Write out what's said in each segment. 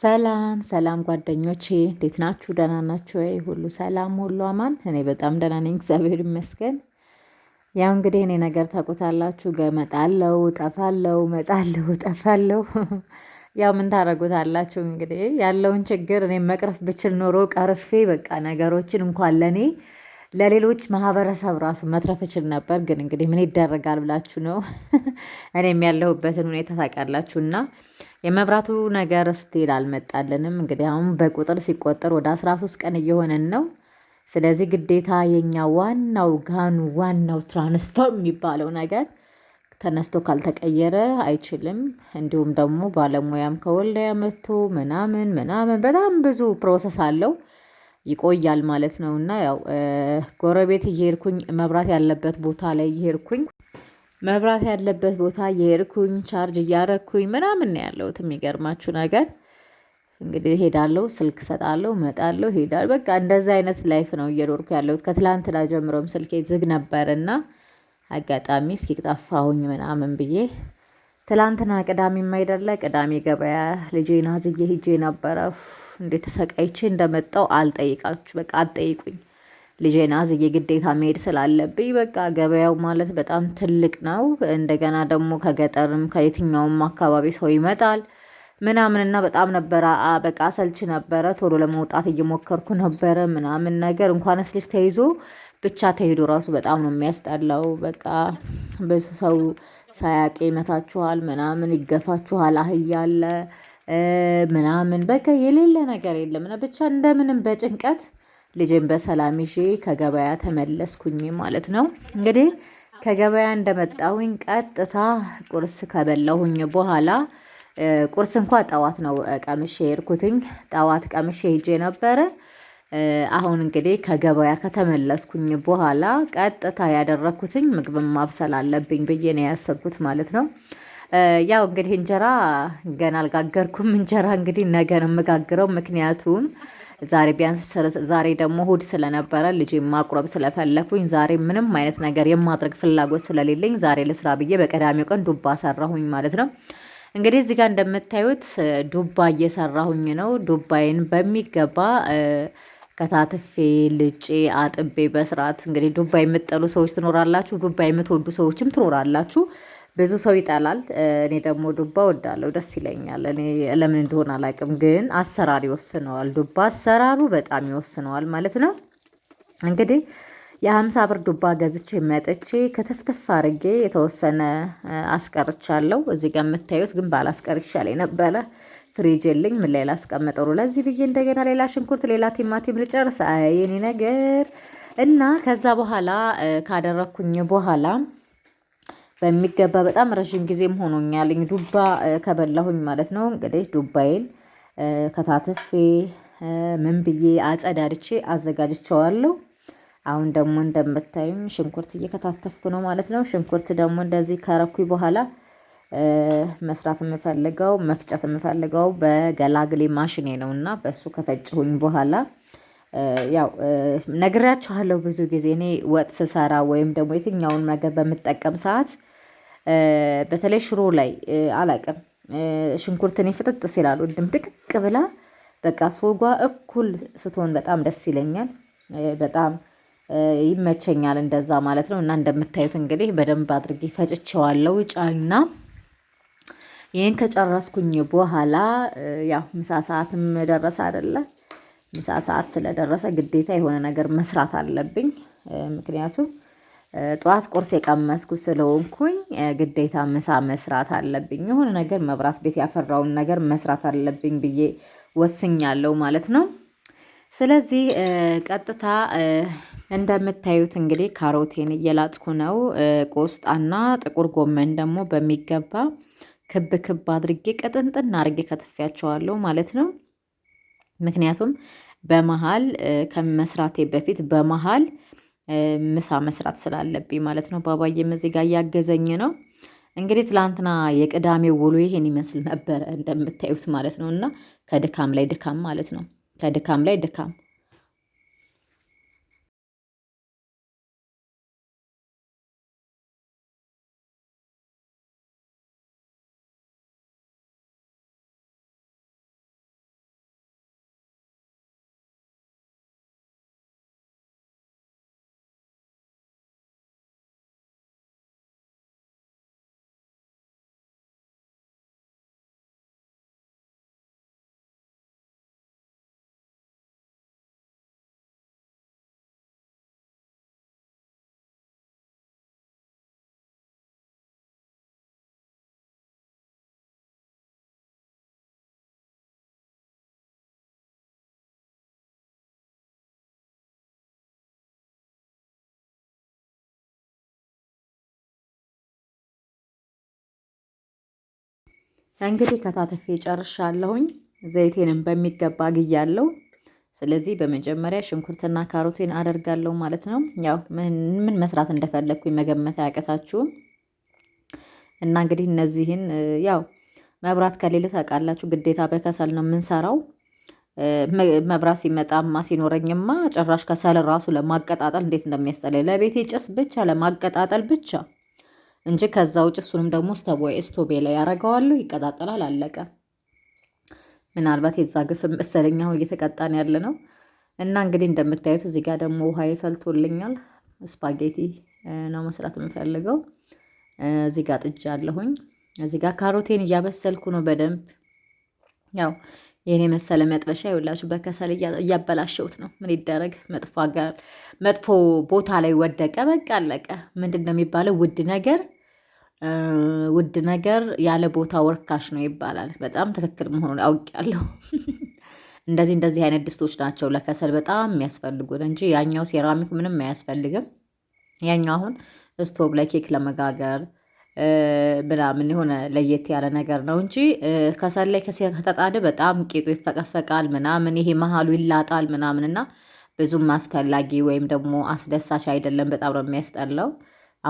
ሰላም ሰላም ጓደኞቼ እንዴት ናችሁ? ደህና ናችሁ ወይ? ሁሉ ሰላም፣ ሁሉ አማን። እኔ በጣም ደህና ነኝ፣ እግዚአብሔር ይመስገን። ያው እንግዲህ እኔ ነገር ታውቁታላችሁ፣ ገመጣለው፣ ጠፋለው፣ መጣለው፣ ጠፋለው። ያው ምን ታደርጉታላችሁ እንግዲህ ያለውን ችግር እኔ መቅረፍ ብችል ኖሮ ቀርፌ በቃ ነገሮችን እንኳን ለእኔ ለሌሎች ማህበረሰብ ራሱ መትረፍ እችል ነበር። ግን እንግዲህ ምን ይደረጋል ብላችሁ ነው እኔም ያለሁበትን ሁኔታ ታውቃላችሁና የመብራቱ ነገር ስቲል አልመጣልንም። እንግዲህ አሁን በቁጥር ሲቆጠር ወደ 13 ቀን እየሆነን ነው። ስለዚህ ግዴታ የኛ ዋናው ጋኑ ዋናው ትራንስፎርም የሚባለው ነገር ተነስቶ ካልተቀየረ አይችልም። እንዲሁም ደግሞ ባለሙያም ከወልዲያ መጥቶ ምናምን ምናምን በጣም ብዙ ፕሮሰስ አለው ይቆያል ማለት ነው እና ያው ጎረቤት እየሄድኩኝ መብራት ያለበት ቦታ ላይ እየሄድኩኝ መብራት ያለበት ቦታ የሄድኩኝ ቻርጅ እያረግኩኝ ምናምን ነው ያለሁት። የሚገርማችሁ ነገር እንግዲህ ሄዳለሁ፣ ስልክ ሰጣለሁ፣ መጣለሁ፣ ሄዳል። በቃ እንደዚ አይነት ላይፍ ነው እየኖርኩ ያለሁት። ከትላንትና ጀምሮም ስልኬ ዝግ ነበርና አጋጣሚ እስኪ ጠፋሁኝ ምናምን ብዬ ትላንትና ቅዳሜ የማይደለ ቅዳሜ ገበያ ልጄን አዝዬ ሂጄ ነበረ። እንዴት ተሰቃይቼ እንደመጣው አልጠይቃችሁ፣ በቃ አልጠይቁኝ። ልጄን አዝዬ ግዴታ መሄድ ስላለብኝ በቃ ገበያው ማለት በጣም ትልቅ ነው። እንደገና ደግሞ ከገጠርም ከየትኛውም አካባቢ ሰው ይመጣል ምናምንና በጣም ነበረ በቃ አሰልች ነበረ። ቶሎ ለመውጣት እየሞከርኩ ነበረ ምናምን ነገር እንኳን ስልች ተይዞ ብቻ ተሄዶ ራሱ በጣም ነው የሚያስጠላው። በቃ ብዙ ሰው ሳያቄ ይመታችኋል፣ ምናምን ይገፋችኋል፣ አህያ አለ ምናምን በቃ የሌለ ነገር የለምና ብቻ እንደምንም በጭንቀት ልጅን በሰላም ይዤ ከገበያ ተመለስኩኝ ማለት ነው። እንግዲህ ከገበያ እንደመጣሁኝ ቀጥታ ቁርስ ከበላሁኝ በኋላ ቁርስ እንኳ ጠዋት ነው ቀምሼ ሄድኩትኝ። ጠዋት ቀምሼ ሄጄ ነበረ። አሁን እንግዲህ ከገበያ ከተመለስኩኝ በኋላ ቀጥታ ያደረግኩትኝ ምግብ ማብሰል አለብኝ ብዬ ነው ያሰብኩት ማለት ነው። ያው እንግዲህ እንጀራ ገና አልጋገርኩም። እንጀራ እንግዲህ ነገ ነው የምጋግረው ምክንያቱም ዛሬ ቢያንስ ዛሬ ደግሞ እሁድ ስለነበረ ልጅ ማቁረብ ስለፈለኩኝ ዛሬ ምንም አይነት ነገር የማድረግ ፍላጎት ስለሌለኝ ዛሬ ለስራ ብዬ በቀዳሚው ቀን ዱባ ሰራሁኝ ማለት ነው። እንግዲህ እዚህ ጋር እንደምታዩት ዱባ እየሰራሁኝ ነው። ዱባዬን በሚገባ ከታትፌ ልጬ አጥቤ በስርዓት እንግዲህ ዱባ የምትጠሉ ሰዎች ትኖራላችሁ፣ ዱባ የምትወዱ ሰዎችም ትኖራላችሁ። ብዙ ሰው ይጠላል። እኔ ደግሞ ዱባ ወዳለሁ፣ ደስ ይለኛል። እኔ ለምን እንደሆነ አላውቅም፣ ግን አሰራር ይወስነዋል። ዱባ አሰራሩ በጣም ይወስነዋል ማለት ነው። እንግዲህ የሀምሳ ብር ዱባ ገዝቼ መጥቼ ከተፍተፍ አድርጌ የተወሰነ አስቀርቻለሁ። እዚህ ጋር የምታዩት ግን ባላስቀር ይሻለኝ ነበረ። ፍሪጅ የለኝ ምን ላይ ላስቀምጠሩ ለዚህ ብዬ እንደገና ሌላ ሽንኩርት፣ ሌላ ቲማቲም ልጨርስ። አይ የኔ ነገር እና ከዛ በኋላ ካደረግኩኝ በኋላ በሚገባ በጣም ረዥም ጊዜም ሆኖኛል ዱባ ከበላሁኝ ማለት ነው። እንግዲህ ዱባዬን ከታትፌ ምን ብዬ አጸዳድቼ አዘጋጅቸዋለሁ አሁን ደግሞ እንደምታዩኝ ሽንኩርት እየከታተፍኩ ነው ማለት ነው። ሽንኩርት ደግሞ እንደዚህ ከረኩኝ በኋላ መስራት የምፈልገው መፍጨት የምፈልገው በገላግሌ ማሽኔ ነው እና በእሱ ከፈጭሁኝ በኋላ ያው ነግራችኋለሁ። ብዙ ጊዜ እኔ ወጥ ስሰራ ወይም ደግሞ የትኛውን ነገር በምጠቀም ሰዓት በተለይ ሽሮ ላይ አላቅም ሽንኩርትን ፍጥጥ ሲላሉ ድም ድቅቅ ብላ በቃ ሶጓ እኩል ስትሆን በጣም ደስ ይለኛል። በጣም ይመቸኛል እንደዛ ማለት ነው። እና እንደምታዩት እንግዲህ በደንብ አድርጌ ፈጭቸዋለሁ። ጫና ይህን ከጨረስኩኝ በኋላ ያው ምሳ ሰዓትም ደረሰ አይደለ? ምሳ ሰዓት ስለደረሰ ግዴታ የሆነ ነገር መስራት አለብኝ ምክንያቱም ጠዋት ቁርስ የቀመስኩ ስለሆንኩኝ ግዴታ ምሳ መስራት አለብኝ። የሆነ ነገር መብራት ቤት ያፈራውን ነገር መስራት አለብኝ ብዬ ወስኛለሁ ማለት ነው። ስለዚህ ቀጥታ እንደምታዩት እንግዲህ ካሮቴን እየላጥኩ ነው። ቆስጣና ጥቁር ጎመን ደግሞ በሚገባ ክብ ክብ አድርጌ ቀጥንጥን አድርጌ ከትፌያቸዋለሁ ማለት ነው። ምክንያቱም በመሀል ከመስራቴ በፊት በመሀል ምሳ መስራት ስላለብኝ ማለት ነው። ባባዬም እዚህ እያገዘኝ ነው። እንግዲህ ትላንትና የቅዳሜው ውሎ ይሄን ይመስል ነበረ እንደምታዩት ማለት ነው። እና ከድካም ላይ ድካም ማለት ነው። ከድካም ላይ ድካም እንግዲህ ከታተፌ ጨርሻለሁኝ። ዘይቴንም በሚገባ አግያለሁ። ስለዚህ በመጀመሪያ ሽንኩርትና ካሮቴን አደርጋለሁ ማለት ነው። ያው ምን መስራት እንደፈለግኩኝ መገመት አያቀታችሁም። እና እንግዲህ እነዚህን ያው መብራት ከሌለ ታውቃላችሁ፣ ግዴታ በከሰል ነው የምንሰራው። መብራት ሲመጣማ ሲኖረኝማ ጭራሽ ከሰል ራሱ ለማቀጣጠል እንዴት እንደሚያስጠላኝ ለቤቴ ጭስ ብቻ ለማቀጣጠል ብቻ እንጂ ከዛ ውጭ እሱንም ደግሞ ስቶቤ ላይ ያረገዋለሁ፣ ይቀጣጠላል፣ አለቀ። ምናልባት የዛ ግፍ መሰለኝ አሁን እየተቀጣን ያለ ነው። እና እንግዲህ እንደምታዩት እዚህ ጋር ደግሞ ውሃ ይፈልቶልኛል። ስፓጌቲ ነው መስራት የምፈልገው። እዚህ ጋር ጥጃ አለሁኝ። እዚህ ጋር ካሮቴን እያበሰልኩ ነው በደንብ ያው ይህን የመሰለ መጥበሻ ይውላችሁ በከሰል እያበላሸሁት ነው። ምን ይደረግ፣ መጥፎ ቦታ ላይ ወደቀ። በቃ አለቀ። ምንድን ነው የሚባለው? ውድ ነገር ውድ ነገር ያለ ቦታ ወርካሽ ነው ይባላል። በጣም ትክክል መሆኑን አውቄያለሁ። እንደዚህ እንደዚህ አይነት ድስቶች ናቸው ለከሰል በጣም የሚያስፈልጉት እንጂ ያኛው ሴራሚክ ምንም አያስፈልግም። ያኛው አሁን ስቶቭ ላይ ኬክ ለመጋገር ምናምን የሆነ ለየት ያለ ነገር ነው እንጂ ከሰል ላይ ከተጣደ በጣም ቂጡ ይፈቀፈቃል ምናምን፣ ይሄ መሀሉ ይላጣል ምናምን እና ብዙም አስፈላጊ ወይም ደግሞ አስደሳች አይደለም። በጣም ነው የሚያስጠላው።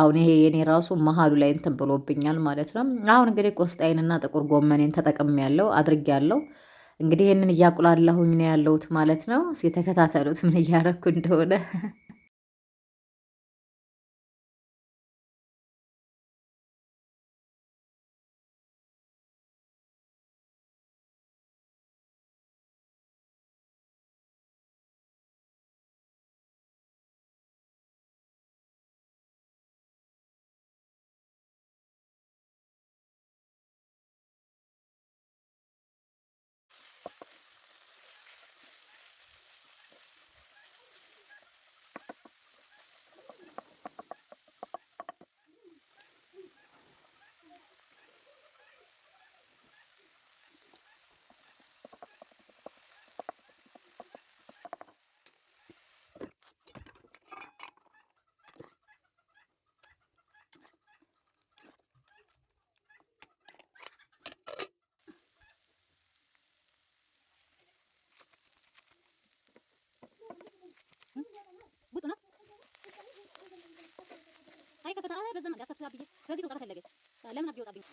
አሁን ይሄ የኔ ራሱ መሀሉ ላይ እንትን ብሎብኛል ማለት ነው። አሁን እንግዲህ ቆስጣይንና ጥቁር ጎመኔን ተጠቅም ያለው አድርግ ያለው እንግዲህ ይህንን እያቁላለሁኝ ነው ያለሁት ማለት ነው። የተከታተሉት ምን እያረኩ እንደሆነ በዛ መንገድ ከፍታ በዚህ ወጣ ተፈለገ ለምን አብይ ወጣብኝ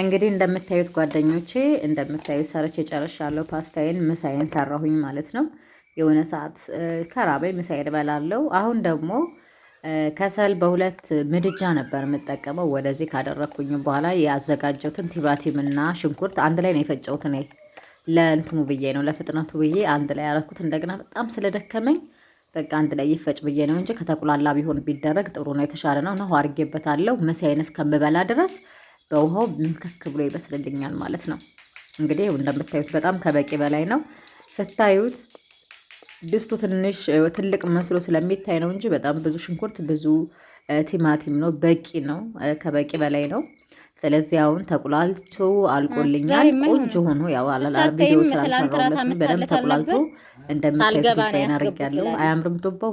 እንግዲህ እንደምታዩት ጓደኞቼ እንደምታዩት ሰርቼ ጨርሻለሁ። ፓስታዬን ምሳዬን ሰራሁኝ ማለት ነው። የሆነ ሰዓት ከራበኝ ምሳዬን እበላለሁ። አሁን ደግሞ ከሰል በሁለት ምድጃ ነበር የምጠቀመው። ወደዚህ ካደረግኩኝ በኋላ ያዘጋጀሁትን ቲማቲምና ሽንኩርት አንድ ላይ ነው የፈጨሁት። እኔ ለእንትኑ ብዬ ነው ለፍጥነቱ ብዬ አንድ ላይ ያረኩት። እንደገና በጣም ስለደከመኝ በቃ አንድ ላይ ይፈጭ ብዬ ነው እንጂ ከተቁላላ ቢሆን ቢደረግ ጥሩ ነው፣ የተሻለ ነው። ነው አድርጌበታለሁ ምሳዬን እስከምበላ ድረስ በውሃው ምክክ ብሎ ይበስልልኛል ማለት ነው። እንግዲህ እንደምታዩት በጣም ከበቂ በላይ ነው። ስታዩት ድስቱ ትንሽ ትልቅ መስሎ ስለሚታይ ነው እንጂ በጣም ብዙ ሽንኩርት፣ ብዙ ቲማቲም ነው። በቂ ነው፣ ከበቂ በላይ ነው። ስለዚህ አሁን ተቁላልቶ አልቆልኛል። ቆንጆ ሆኖ ያው ቪዲዮ ስላልሰራሁለት በደንብ ተቁላልቶ እንደምታዩት ዱባይን አድርጌያለሁ። አያምርም? ዱባው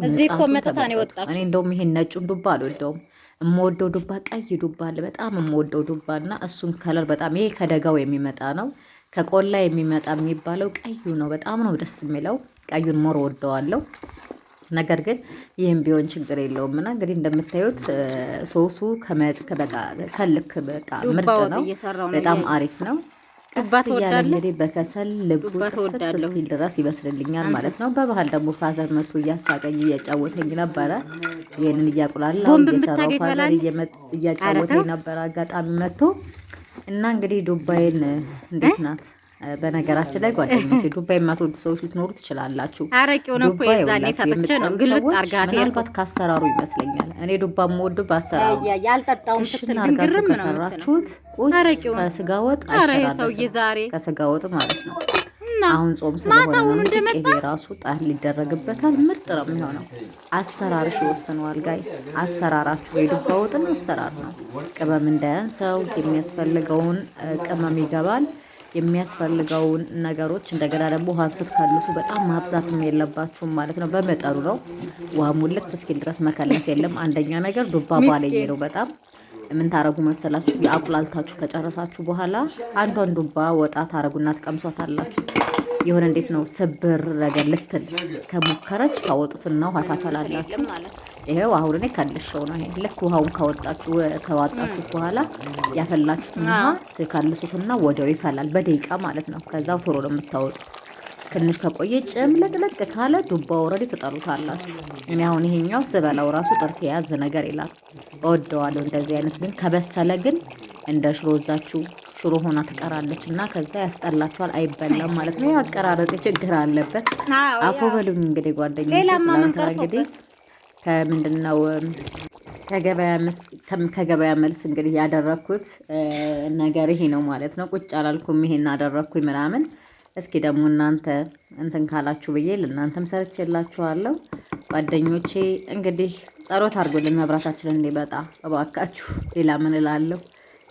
እኔ እንደውም ይሄን ነጩን ዱባ አልወደውም። የምወደው ዱባ ቀይ ዱባ አለ፣ በጣም የምወደው ዱባ እና እሱም ከለር በጣም ይሄ ከደጋው የሚመጣ ነው፣ ከቆላ የሚመጣ የሚባለው ቀዩ ነው። በጣም ነው ደስ የሚለው። ቀዩን ሞር ወደዋለው። ነገር ግን ይህም ቢሆን ችግር የለውም እና እንግዲህ እንደምታዩት ሶሱ ከልክ በቃ ምርጥ ነው። በጣም አሪፍ ነው። ቀስ እያለ እንግዲህ በከሰል ልቡ ጥፍት እስኪል ድረስ ይበስልልኛል ማለት ነው። በባህል ደግሞ ፋዘር መቶ እያሳቀኝ እያጫወተኝ ነበረ። ይህንን እያቁላላ እየሰራው ፋዘር እያጫወተኝ ነበረ አጋጣሚ መጥቶ እና እንግዲህ ዱባይን እንዴት ናት? በነገራችን ላይ ጓደኞቼ ዱባይ የማትወዱ ሰዎች ልትኖሩ ትችላላችሁ። አረቄውን እኮ የዛኔ ሰጥቼ ነው ግልጥ አርጋት ምናልባት ከአሰራሩ ይመስለኛል። እኔ ዱባ የምወዱ በአሰራሩ ያልጠጣውም ስትል ግርም ነው ከሰራችሁት ከስጋ ወጥ ሰውዬ ዛሬ ከስጋ ወጥ ማለት ነው። አሁን ጾም ስለሆነ ቅቤ ራሱ ጣል ሊደረግበታል። ምርጥ ነው የሚሆነው። አሰራርሽ ይወስነዋል ጋይስ። አሰራራችሁ የዱባ ወጥን አሰራር ነው። ቅመም እንዳያንሰው የሚያስፈልገውን ቅመም ይገባል። የሚያስፈልገውን ነገሮች እንደገና ደግሞ ውሃ ስትከልሱ በጣም ማብዛትም የለባችሁም ማለት ነው። በመጠኑ ነው። ውሃ ሙልክ እስኪል ድረስ መከለስ የለም። አንደኛ ነገር ዱባ ባለየ ነው በጣም የምንታረጉ መሰላችሁ? የአቁላልታችሁ ከጨረሳችሁ በኋላ አንዷን ዱባ ወጣ ታረጉና ትቀምሷታላችሁ። አላችሁ። የሆነ እንዴት ነው ስብር ነገር ልትል ከሞከረች ታወጡትና ውሃ ታፈላላችሁ። ይሄው አሁን እኔ ካልሸው ነው። ይሄ ልክ ውሃውን ካወጣችሁ ከዋጣችሁት በኋላ ያፈላችሁትን ውሃ ትካልሱትና ወዲያው ይፈላል፣ በደቂቃ ማለት ነው። ከዛው ቶሎ ነው የምታወጡት። ትንሽ ከቆየ ጭምልቅልቅ ካለ ዱባ ወረድ ትጠሉታላችሁ። እኔ አሁን ይሄኛው ስበላው ራሱ ጥርስ የያዝ ነገር ይላል፣ እወደዋለሁ። እንደዚህ አይነት ግን ከበሰለ ግን እንደ ሽሮ እዛችሁ ሽሮ ሆና ትቀራለች እና ከዛ ያስጠላችኋል። አይበላም ማለት ነው። ያው አቀራረጽ ችግር አለበት። አፎ በሉኝ እንግዲህ ጓደኞች እንግዲህ ከምንድን ነው ከገበያ መልስ እንግዲህ ያደረግኩት ነገር ይሄ ነው ማለት ነው። ቁጭ አላልኩም፣ ይሄን አደረግኩኝ ምናምን። እስኪ ደግሞ እናንተ እንትን ካላችሁ ብዬ ለእናንተም ሰርቼላችኋለሁ። ጓደኞቼ እንግዲህ ጸሎት አድርጎልን መብራታችንን እንዲመጣ እባካችሁ። ሌላ ምን እላለሁ?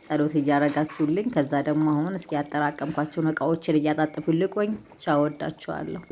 ጸሎት እያረጋችሁልኝ ከዛ ደግሞ አሁን እስኪ ያጠራቀምኳቸውን እቃዎችን እያጣጥፉ ልቆኝ። ሻወዳችኋለሁ።